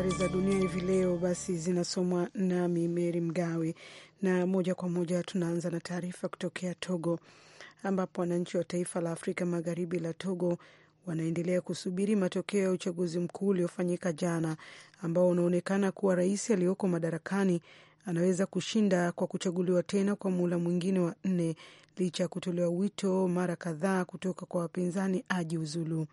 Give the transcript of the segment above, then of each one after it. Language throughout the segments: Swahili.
Habari za dunia hivi leo basi zinasomwa nami Meri Mgawe, na moja kwa moja tunaanza na taarifa kutokea Togo, ambapo wananchi wa taifa la Afrika Magharibi la Togo wanaendelea kusubiri matokeo ya uchaguzi mkuu uliofanyika jana, ambao unaonekana kuwa rais aliyoko madarakani anaweza kushinda kwa kuchaguliwa tena kwa muhula mwingine wa nne, licha ya kutolewa wito mara kadhaa kutoka kwa wapinzani ajiuzulu.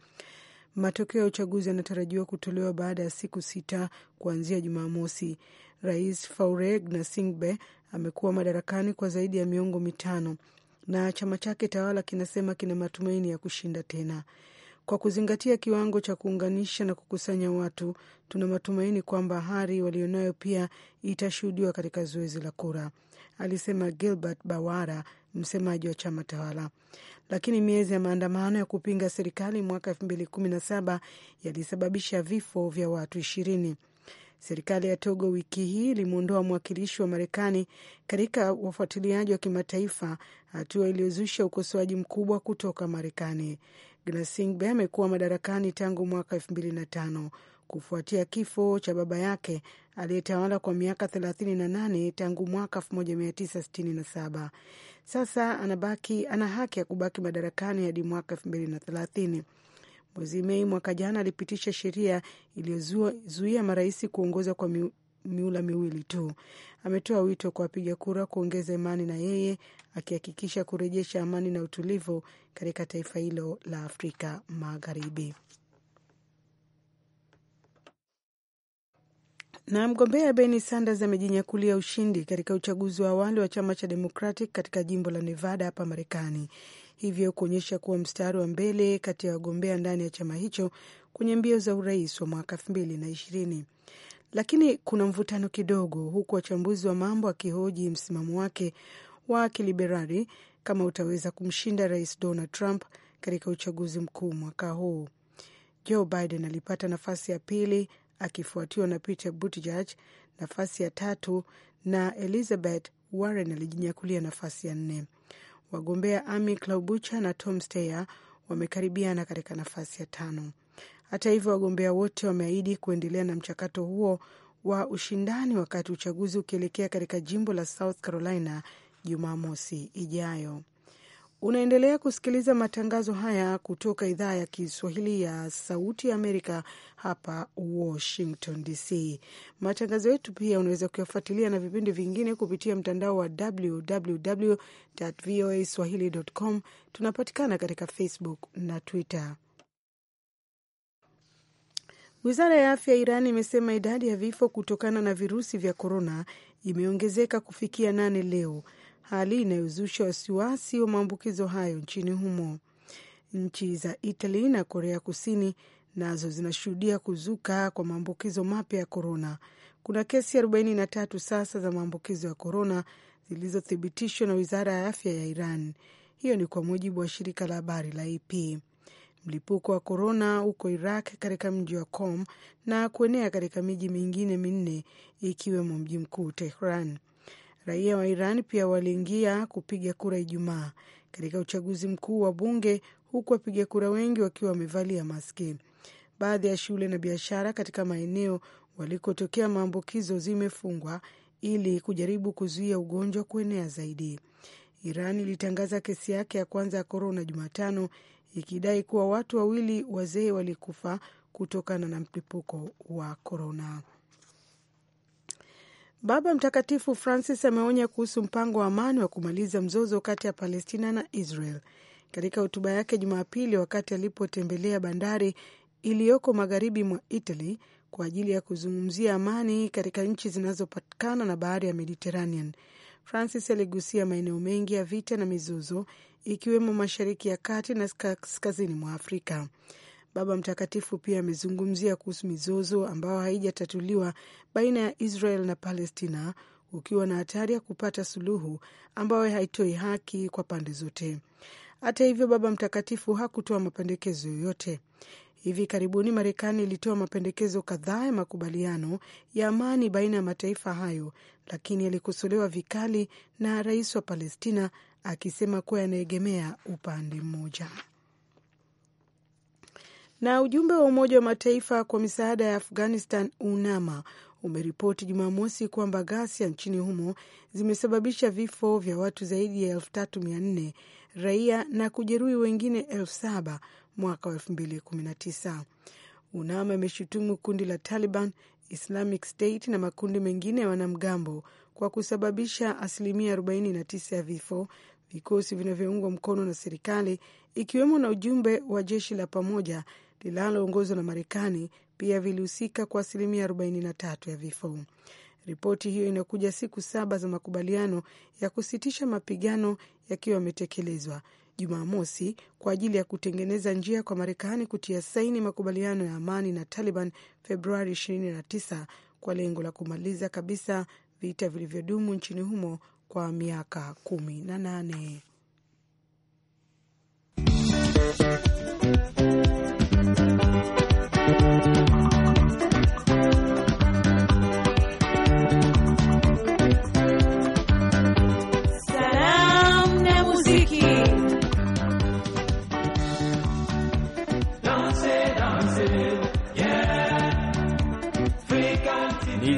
Matokeo ya uchaguzi yanatarajiwa kutolewa baada ya siku sita kuanzia Jumamosi. Rais Faure Gnassingbe amekuwa madarakani kwa zaidi ya miongo mitano na chama chake tawala kinasema kina matumaini ya kushinda tena. Kwa kuzingatia kiwango cha kuunganisha na kukusanya watu, tuna matumaini kwamba hari walionayo pia itashuhudiwa katika zoezi la kura alisema Gilbert Bawara, msemaji wa chama tawala. Lakini miezi ya maandamano ya kupinga serikali mwaka elfu mbili kumi na saba yalisababisha vifo vya watu ishirini. Serikali ya Togo wiki hii ilimwondoa mwakilishi wa Marekani katika wafuatiliaji wa kimataifa, hatua iliyozusha ukosoaji mkubwa kutoka Marekani. Glasingbe amekuwa madarakani tangu mwaka elfu mbili na tano kufuatia kifo cha baba yake aliyetawala kwa miaka 38 tangu mwaka 1967. Sasa anabaki ana haki ya kubaki madarakani hadi mwaka 2030. Mwezi Mei mwaka jana alipitisha sheria iliyozuia marais kuongoza kwa mi, miula miwili tu. Ametoa wito kwa wapiga kura kuongeza imani na yeye, akihakikisha kurejesha amani na utulivu katika taifa hilo la Afrika Magharibi. Na mgombea Bernie Sanders amejinyakulia ushindi katika uchaguzi wa awali wa chama cha Democratic katika jimbo la Nevada hapa Marekani, hivyo kuonyesha kuwa mstari wa mbele kati ya wagombea ndani ya chama hicho kwenye mbio za urais wa mwaka elfu mbili na ishirini. Lakini kuna mvutano kidogo, huku wachambuzi wa mambo akihoji msimamo wake wa kiliberali kama utaweza kumshinda Rais Donald Trump katika uchaguzi mkuu mwaka huu. Joe Biden alipata nafasi ya pili akifuatiwa na Peter Buttigieg nafasi ya tatu na Elizabeth Warren alijinyakulia nafasi ya nne. Wagombea Amy Klobuchar na Tom Steyer wamekaribiana katika nafasi ya tano. Hata hivyo, wagombea wote wameahidi kuendelea na mchakato huo wa ushindani wakati uchaguzi ukielekea katika jimbo la South Carolina Jumamosi ijayo. Unaendelea kusikiliza matangazo haya kutoka idhaa ya Kiswahili ya Sauti ya Amerika hapa Washington DC. Matangazo yetu pia unaweza kuyafuatilia na vipindi vingine kupitia mtandao wa www voa swahili.com. Tunapatikana katika Facebook na Twitter. Wizara ya afya ya Iran imesema idadi ya vifo kutokana na virusi vya korona imeongezeka kufikia nane leo hali inayozusha wasiwasi wa maambukizo hayo nchini humo. Nchi za Italy na Korea Kusini nazo zinashuhudia kuzuka kwa maambukizo mapya ya korona. Kuna kesi 43 sasa za maambukizo ya korona zilizothibitishwa na wizara ya afya ya Iran. Hiyo ni kwa mujibu wa shirika la habari la AP. Mlipuko wa korona uko Iraq katika mji wa Qom na kuenea katika miji mingine minne ikiwemo mji mkuu Tehran. Raia wa Iran pia waliingia kupiga kura Ijumaa katika uchaguzi mkuu wa bunge, huku wapiga kura wengi wakiwa wamevalia maski. Baadhi ya shule na biashara katika maeneo walikotokea maambukizo zimefungwa ili kujaribu kuzuia ugonjwa kuenea zaidi. Iran ilitangaza kesi yake ya kwanza ya korona Jumatano, ikidai kuwa watu wawili wazee walikufa kutokana na mlipuko wa korona. Baba Mtakatifu Francis ameonya kuhusu mpango wa amani wa kumaliza mzozo kati ya Palestina na Israel. Katika hotuba yake Jumapili wakati alipotembelea bandari iliyoko magharibi mwa Italy kwa ajili ya kuzungumzia amani katika nchi zinazopatikana na bahari ya Mediterranean, Francis aligusia maeneo mengi ya vita na mizozo, ikiwemo Mashariki ya Kati na kaskazini mwa Afrika. Baba Mtakatifu pia amezungumzia kuhusu mizozo ambayo haijatatuliwa baina ya Israel na Palestina, ukiwa na hatari ya kupata suluhu ambayo haitoi haki kwa pande zote. Hata hivyo, Baba Mtakatifu hakutoa mapendekezo yoyote. Hivi karibuni Marekani ilitoa mapendekezo kadhaa ya makubaliano ya amani baina ya mataifa hayo, lakini yalikosolewa vikali na rais wa Palestina akisema kuwa yanaegemea upande mmoja. Na ujumbe wa Umoja wa Mataifa kwa misaada ya Afghanistan, UNAMA, umeripoti Jumamosi kwamba ghasia nchini humo zimesababisha vifo vya watu zaidi ya elfu tatu mia nne raia na kujeruhi wengine elfu saba mwaka wa elfu mbili kumi na tisa. UNAMA imeshutumu kundi la Taliban, Islamic State na makundi mengine ya wanamgambo kwa kusababisha asilimia 49 ya vifo, vikosi vinavyoungwa mkono na serikali ikiwemo na ujumbe wa jeshi la pamoja linaloongozwa na Marekani pia vilihusika kwa asilimia 43 ya vifo. Ripoti hiyo inakuja siku saba za makubaliano ya kusitisha mapigano yakiwa yametekelezwa Jumamosi kwa ajili ya kutengeneza njia kwa Marekani kutia saini makubaliano ya amani na Taliban Februari 29 kwa lengo la kumaliza kabisa vita vilivyodumu nchini humo kwa miaka 18.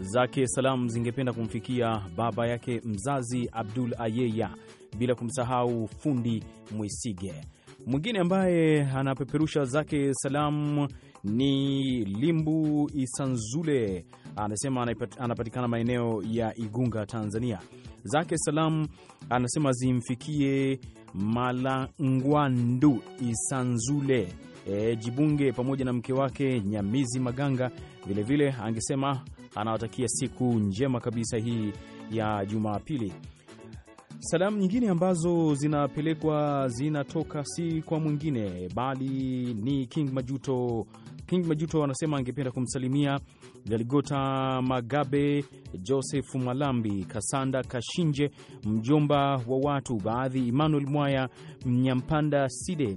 zake salamu zingependa kumfikia baba yake mzazi Abdul Ayeya, bila kumsahau fundi Mwisige. Mwingine ambaye anapeperusha zake salamu ni Limbu Isanzule, anasema anapatikana maeneo ya Igunga, Tanzania. Zake salamu anasema zimfikie Malangwandu Isanzule, e, Jibunge pamoja na mke wake Nyamizi Maganga. Vilevile angesema anawatakia siku njema kabisa hii ya Jumapili. Salamu nyingine ambazo zinapelekwa zinatoka si kwa mwingine bali ni King Majuto. King Majuto anasema angependa kumsalimia Galigota Magabe, Joseph Malambi, Kasanda Kashinje, mjomba wa watu baadhi, Emmanuel Mwaya, Mnyampanda Side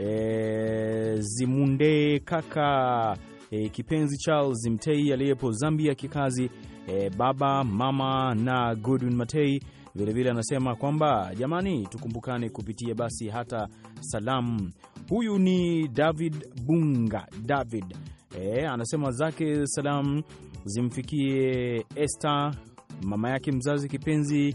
e, Zimunde kaka e, kipenzi Charles Mtei aliyepo Zambia kikazi e, baba mama na Godwin Matei vilevile anasema kwamba jamani, tukumbukane kupitia basi hata salamu. Huyu ni David Bunga David e, anasema zake salamu zimfikie Esther mama yake mzazi kipenzi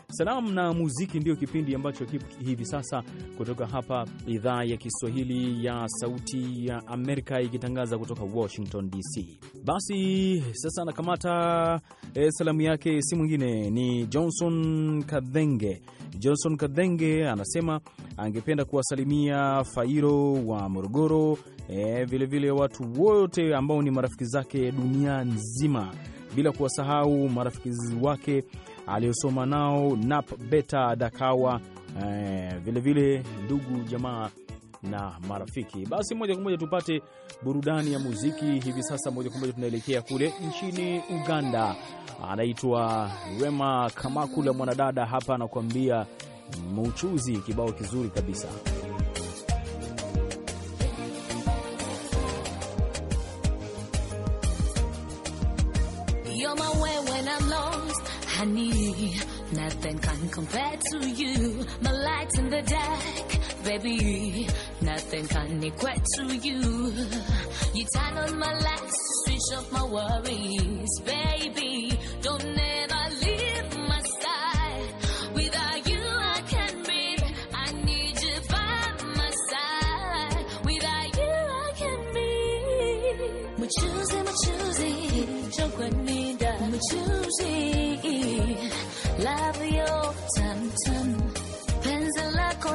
Salamu na muziki ndiyo kipindi ambacho kipo hivi sasa kutoka hapa idhaa ya Kiswahili ya Sauti ya Amerika ikitangaza kutoka Washington DC. Basi sasa nakamata e, salamu yake si mwingine ni Johnson Kadhenge. Johnson Kadhenge anasema angependa kuwasalimia Fairo wa Morogoro, vilevile eh, vile watu wote ambao ni marafiki zake dunia nzima bila kuwasahau marafiki wake aliyosoma nao Nap Beta Dakawa, vilevile eh, vile ndugu jamaa na marafiki. Basi moja kwa moja tupate burudani ya muziki hivi sasa. Moja kwa moja tunaelekea kule nchini Uganda, anaitwa Rema Kamakula, mwanadada hapa anakuambia mchuzi, kibao kizuri kabisa. nothing can compare to you. My light in the dark, baby. Nothing can equate to you. You turn on my lights, switch off my worries, baby. Don't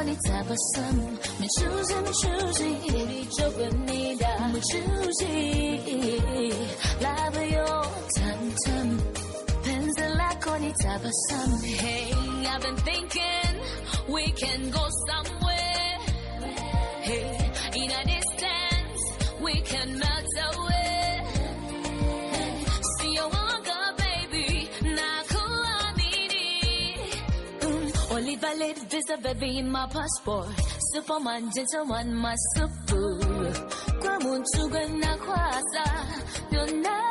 你才发生。没出息，没出息，你就滚你的。没出息，来不用谈谈。Pensa la con it's ever some. Hey, I've been thinking we can go somewhere. Hey, in a distance we can melt. Valid visa, baby, in my passport. Superman, gentleman, my super. Kwa munchuga na kwasa, yona.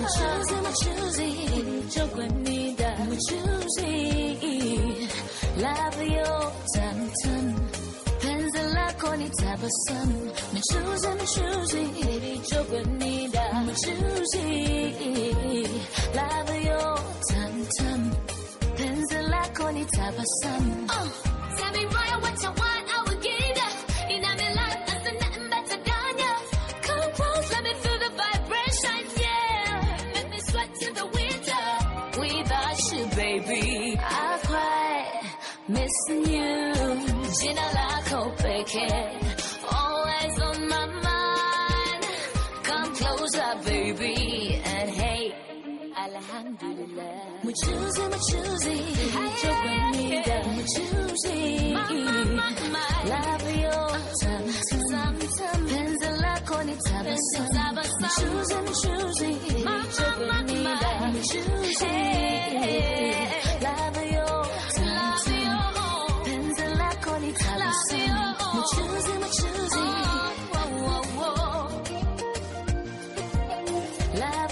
Mchuzi, mchuzi, chokwa nida. Mchuzi, love yo, tam tam. Penzi lako choosing, tabasamu. Mchuzi, mchuzi, baby, chokwa nida. Mchuzi, love too much choosing. 조금 네가 choosing. Love your time. 펜슬라콘이 잡았어. Choosing, choosing. 조금 choosing. Love you, time. 펜슬라콘이 잡았어. Choosing, choosing. Love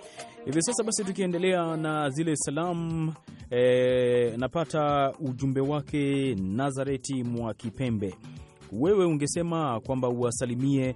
Hivi sasa basi, tukiendelea na zile salamu e, eh, napata ujumbe wake Nazareti mwa Kipembe. Wewe ungesema kwamba uwasalimie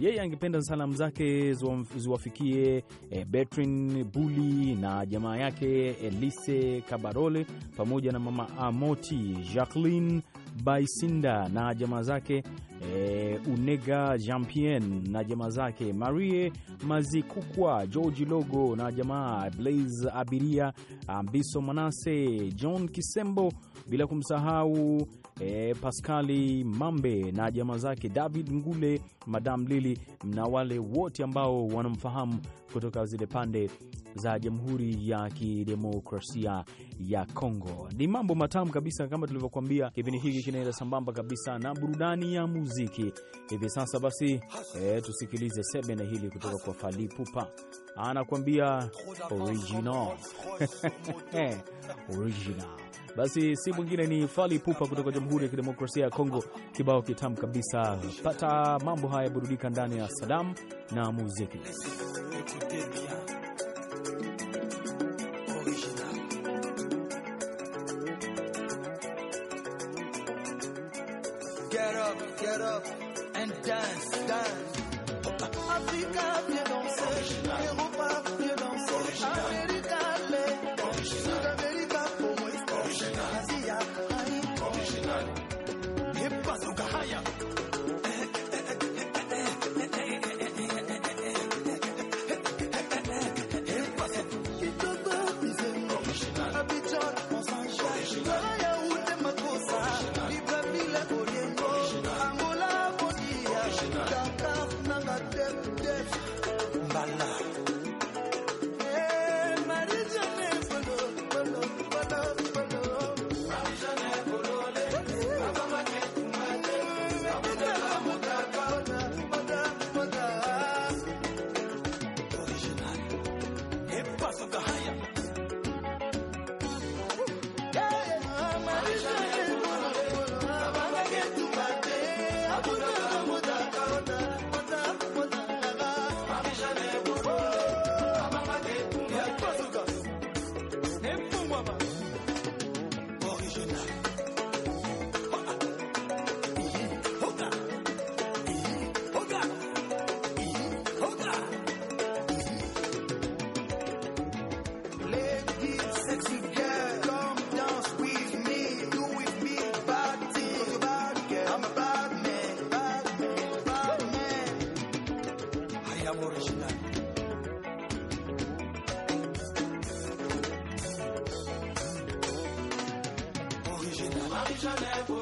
Yeye angependa salamu zake ziwafikie e, eh, Betrin Buli na jamaa yake Elise Kabarole pamoja na mama Amoti Jacqueline Baisinda na jamaa zake eh, Unega Jampien na jamaa zake, Marie Mazikukwa, George Logo na jamaa, Blaze Abiria, Ambiso Manase, John Kisembo, bila kumsahau e, eh, Paskali Mambe na jamaa zake, David Ngule, Madam Lili na wale wote ambao wanamfahamu kutoka zile pande za Jamhuri ya Kidemokrasia ya Kongo. Ni mambo matamu kabisa, kama tulivyokuambia, kipindi hiki kinaenda sambamba kabisa na burudani ya muziki muziki hivi sasa. Basi e, tusikilize sebene hili kutoka kwa falipupa anakuambia original original. Basi si mwingine ni Fali Pupa kutoka Jamhuri ya Kidemokrasia ya Kongo, kibao kitamu kabisa. Pata mambo haya, burudika ndani ya sadamu na muziki Chanel.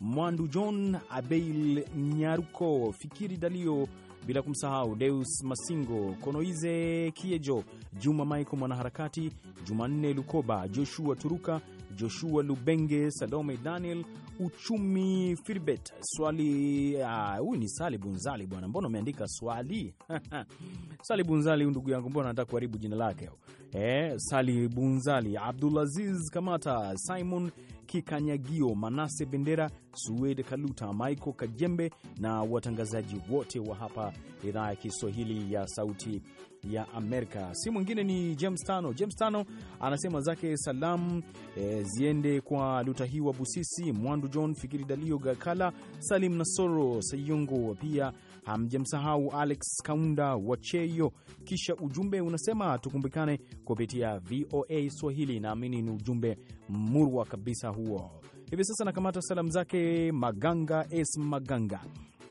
Mwandu John, Abeil Nyaruko, Fikiri Dalio, bila kumsahau Deus Masingo, Konoize Kiejo, Juma Maiko mwanaharakati, Jumanne Lukoba, Joshua Turuka, Joshua Lubenge, Salome Daniel, Uchumi Firbet, Swali ah, huyu uh, ni Sali Bunzali bwana, mbona umeandika swali? Sali Bunzali huyu ndugu yangu, mbona nataka kuharibu jina lake eh? Sali Bunzali, Abdulaziz Kamata, Simon Kikanyagio, Manase Bendera, Suwed Kaluta, Michael Kajembe na watangazaji wote wa hapa idhaa ya Kiswahili ya Sauti ya Amerika. Si mwingine ni James Tano. James Tano anasema zake salamu e, ziende kwa Lutahiwa Busisi, Mwandu John, Fikiri Dalio, Gakala, Salim Nasoro Sayungo, pia Hamjamsahau Alex Kaunda Wacheyo. Kisha ujumbe unasema tukumbikane kupitia VOA Swahili. Naamini ni ujumbe murwa kabisa huo. Hivi sasa nakamata salamu zake Maganga S Maganga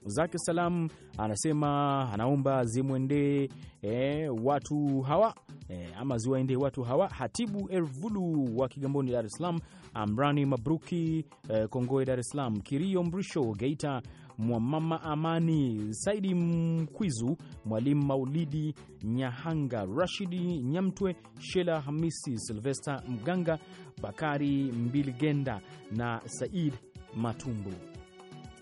zake salamu anasema anaomba zimwendee eh, watu hawa eh, ama ziwaendee watu hawa: Hatibu Elvulu wa Kigamboni, Dar es Salaam, Amrani Mabruki eh, Kongoe, Dar es Salaam, Kirio Mrisho Geita, Mwamama Amani Saidi, Mkwizu Mwalimu, Maulidi Nyahanga, Rashidi Nyamtwe, Shela Hamisi, Silvesta Mganga, Bakari Mbiligenda na Said Matumbu.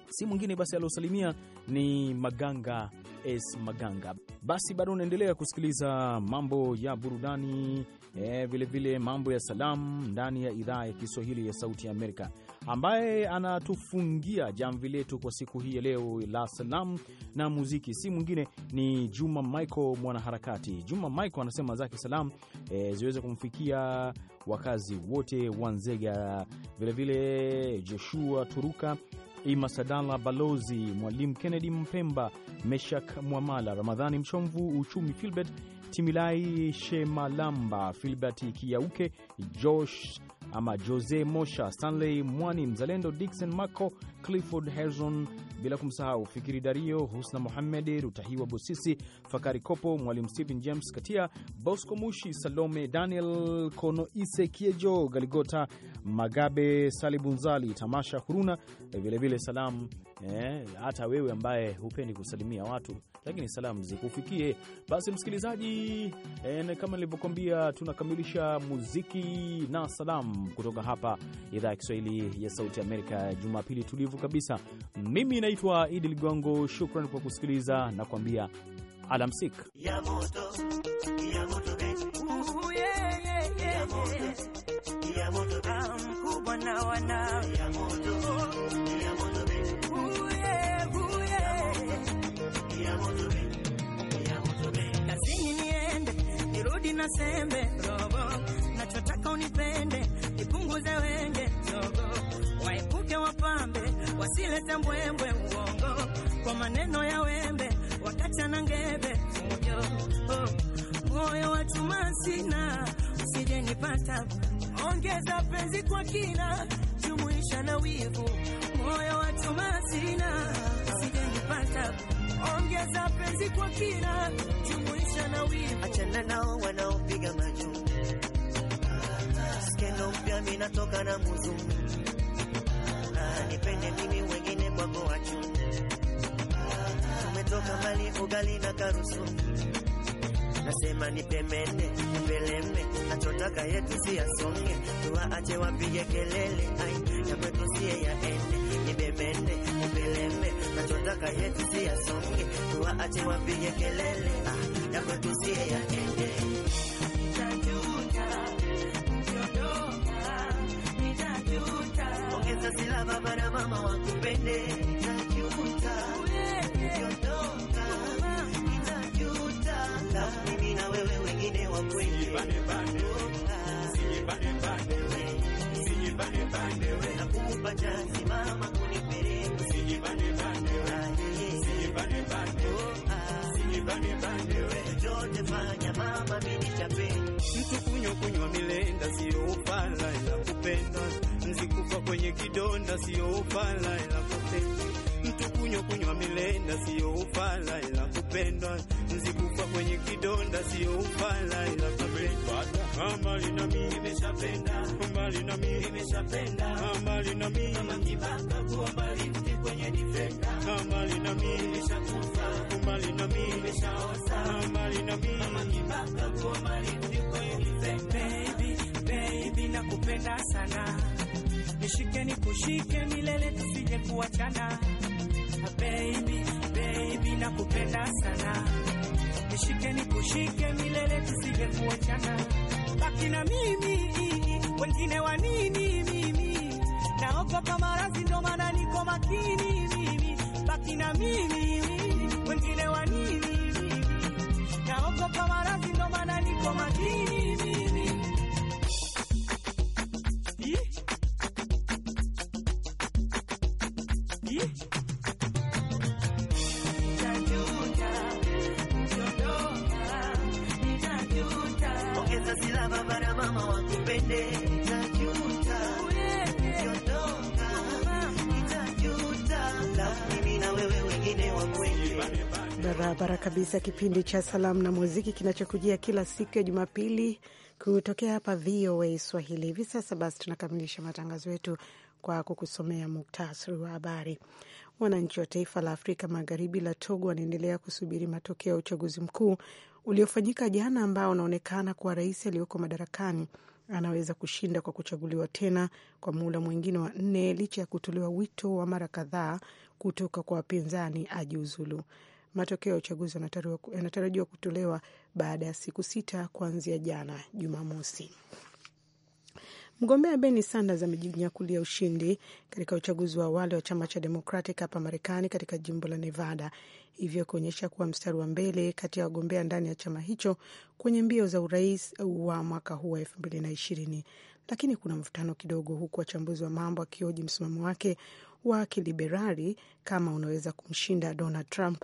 Si mwingine basi aliosalimia ni Maganga S Maganga. Basi bado unaendelea kusikiliza mambo ya burudani vilevile, eh, vile mambo ya salamu ndani ya idhaa ya Kiswahili ya Sauti ya Amerika ambaye anatufungia jamvi letu kwa siku hii ya leo la salamu na muziki, si mwingine ni Juma Michael mwanaharakati. Juma Michael anasema zake salamu e, ziweze kumfikia wakazi wote wa Nzega, vilevile Joshua Turuka, Imasadala Balozi, Mwalimu Kennedy Mpemba, Meshak Mwamala, Ramadhani Mchomvu, Uchumi Filbert Timilai Shemalamba, Filbert kiauke Josh ama Jose Mosha, Stanley Mwani, Mzalendo Dixon Mako Clifford Hezron, bila kumsahau Fikiri Dario, Husna Mohamed, Rutahiwa Bosisi, Fakari Kopo, Mwalimu Stephen James Katia, Bosco Mushi, Salome Daniel Konoise, Kiejo Galigota, Magabe Salibunzali, Tamasha Huruna, vilevile vile salamu eh, hata eh, wewe ambaye hupendi kusalimia watu lakini salamu zikufikie basi, msikilizaji eh, kama nilivyokuambia, tunakamilisha muziki na salamu kutoka hapa idhaa ya Kiswahili ya Sauti Amerika, Jumapili tulivu mrefu kabisa. Mimi naitwa Idi Ligongo, shukran kwa kusikiliza na kuambia alamsik kazini niende nirudi na sembe robo, nachotaka unipende nipunguze wengi wageuke wapambe, wasilete mbwembwe uongo kwa maneno ya wembe, wakachana ngebe oh, moyo moyo oh, wa chuma sina, usije nipata, ongeza penzi kwa kina, jumuisha na wivu, moyo wa chuma sina, usije nipata, ongeza penzi kwa kina, jumuisha na wivu, achana nao wanaopiga majumbe, skendo mpya minatoka na muzungu nipende mimi, wengine bwago wachunde. Umetoka mali ugali na karusu, nasema nipemene peleme, atotaka yetu si asonge, tuwaache wapige kelele, ai ya kwetu siye yaende. Nibebene peleme, atotaka yetu si asonge, tuwaache wapige kelele, ah ya kwetu siye yaende. Kazi la baba na mama wakupende najuta, ukiondoka inajuta, mimi na wewe wengine wakwende na kukupa chansi mama kunipeleka chochote, fanya mama be mtu kunywa kunywa milenda siyo upala ila kupenda nzikufa kwenye kidonda siyo upala ila kupenda mtu kunywa kunywa milenda siyo upala ila kupenda nzikufa kwenye kidonda siyo upala ila kupenda mbali na mimi nimeshapenda mbali na mimi nimeshapenda mbali na mimi kama kibaka kuwa mbali Tamali na mimi Kumali na na mimi Baby, baby nakupenda sana Nishike nikushike milele tusije kuachana Baby, baby nakupenda sana Nishike nikushike milele tusije kuachana Baki na mimi, wengine wa nini mimi Naogopa maradhi ndo maana niko makini mimi baki na mimi, wengine wanini? Naogopa maradhi, ndo maana niko makini barabara kabisa, kipindi cha salamu na muziki kinachokujia kila siku ya Jumapili kutokea hapa VOA Swahili. Hivi sasa basi, tunakamilisha matangazo yetu kwa kukusomea muktasari wa habari. Wananchi wa taifa la Afrika Magharibi la Togo wanaendelea kusubiri matokeo ya uchaguzi mkuu uliofanyika jana, ambao unaonekana kuwa rais aliyoko madarakani anaweza kushinda kwa kuchaguliwa tena kwa muhula mwingine wa nne licha ya kutolewa wito wa mara kadhaa kutoka kwa wapinzani ajiuzulu matokeo ya uchaguzi yanatarajiwa kutolewa baada ya siku sita kuanzia jana Jumamosi. Mgombea Bernie Sanders amejinyakulia ushindi katika uchaguzi wa awali wa chama cha Democratic hapa Marekani katika jimbo la Nevada, hivyo kuonyesha kuwa mstari wa mbele kati ya wagombea ndani ya chama hicho kwenye mbio za urais wa mwaka huu wa elfu mbili na ishirini. Lakini kuna mvutano kidogo, huku wachambuzi wa mambo akioji msimamo wake wa kiliberali kama unaweza kumshinda Donald Trump